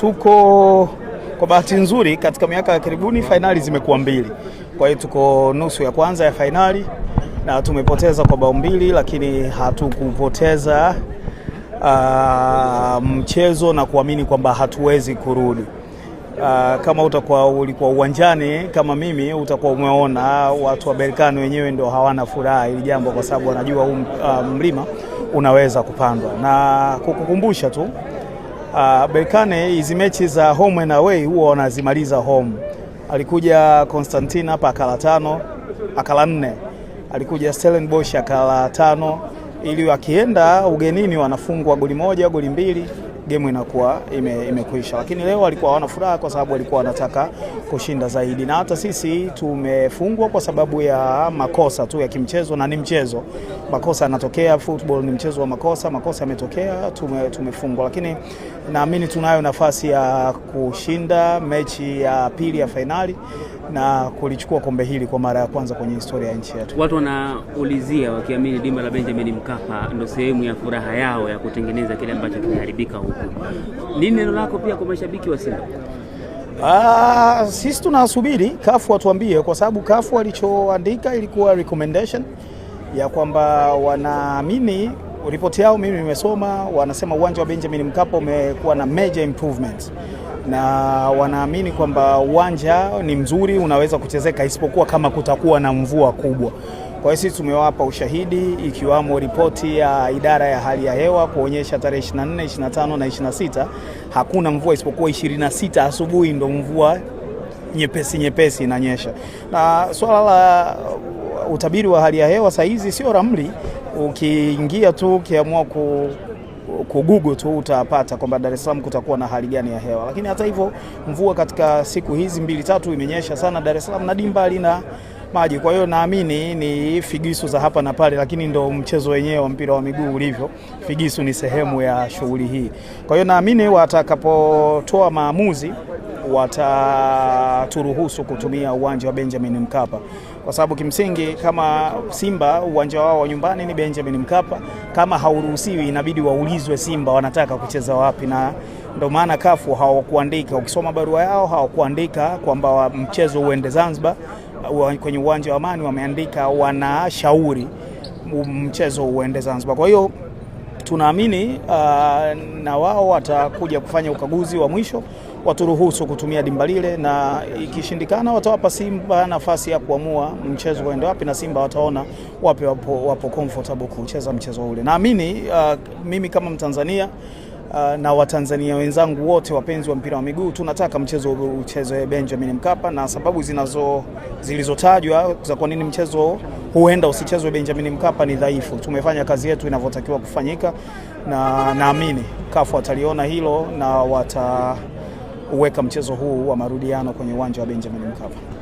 tuko kwa bahati nzuri katika miaka ya karibuni fainali zimekuwa mbili, kwa hiyo tuko nusu ya kwanza ya fainali na tumepoteza kwa bao mbili, lakini hatukupoteza uh, mchezo na kuamini kwamba hatuwezi kurudi. Uh, kama utakuwa ulikuwa uwanjani kama mimi, utakuwa umeona watu wa Berkane wenyewe ndio hawana furaha hili jambo, kwa sababu wanajua huu um, uh, mlima unaweza kupandwa na kukukumbusha tu Uh, Berkane hizi mechi za home and away huwa wanazimaliza home. Alikuja Constantine hapa akala tano, akala nne. Alikuja Stellenbosch akala tano, ili wakienda ugenini wanafungwa goli moja, goli mbili gemu inakuwa ime, Lakini leo walikuwa hawana furaha kwa sababu walikuwa wanataka kushinda zaidi, na hata sisi tumefungwa kwa sababu ya makosa tu ya kimchezo, na ni mchezo, makosa yanatokea. Football ni mchezo wa makosa, makosa yametokea, tume, tumefungwa, lakini naamini tunayo nafasi ya kushinda mechi ya pili ya fainali na kulichukua kombe hili kwa mara ya kwanza kwenye historia ya nchi yetu. Watu wanaulizia wakiamini dimba la Benjamin Mkapa ndo sehemu ya furaha yao ya kutengeneza kile ambacho kimeharibika huku. Nini neno lako pia kwa mashabiki wa Simba? Ah, sisi tunasubiri kafu watuambie, kwa sababu kafu walichoandika ilikuwa recommendation ya kwamba wanaamini ripoti yao, mimi nimesoma, wanasema uwanja wa Benjamin Mkapa umekuwa na major improvements na wanaamini kwamba uwanja ni mzuri, unaweza kuchezeka, isipokuwa kama kutakuwa na mvua kubwa. Kwa hiyo sisi tumewapa ushahidi ikiwamo ripoti ya idara ya hali ya hewa kuonyesha tarehe 24, 25 na 26 hakuna mvua isipokuwa 26 asubuhi ndo mvua nyepesi nyepesi inanyesha. Na swala la utabiri wa hali ya hewa saa hizi sio ramli. Ukiingia tu ukiamua ku Google tu utapata kwamba Dar es Salaam kutakuwa na hali gani ya hewa. Lakini hata hivyo, mvua katika siku hizi mbili tatu imenyesha sana Dar es Salaam na dimba lina maji. Kwa hiyo naamini ni figisu za hapa na pale, lakini ndo mchezo wenyewe wa mpira wa miguu ulivyo. Figisu ni sehemu ya shughuli hii. Kwa hiyo naamini watakapotoa maamuzi wataturuhusu kutumia uwanja wa Benjamin Mkapa, kwa sababu kimsingi kama Simba uwanja wao wa nyumbani ni Benjamin Mkapa, kama hauruhusiwi inabidi waulizwe Simba wanataka kucheza wapi, na ndio maana kafu hawakuandika. Ukisoma barua yao hawakuandika kwamba mchezo uende Zanzibar kwenye uwanja wa Amani, wameandika wanashauri mchezo uende Zanzibar. Kwa hiyo tunaamini uh, na wao watakuja kufanya ukaguzi wa mwisho waturuhusu kutumia dimba lile, na ikishindikana watawapa Simba nafasi ya kuamua mchezo waende wapi, na Simba wataona wapi wapo, wapo comfortable kucheza mchezo ule. Naamini uh, mimi kama Mtanzania Uh, na Watanzania wenzangu wote wapenzi wa mpira wa miguu tunataka mchezo uchezwe Benjamin Mkapa, na sababu zinazo zilizotajwa za kwa nini mchezo huenda usichezwe Benjamin Mkapa ni dhaifu. Tumefanya kazi yetu inavyotakiwa kufanyika, na naamini kafu wataliona hilo na wata kuweka mchezo huu wa marudiano kwenye uwanja wa Benjamin Mkapa.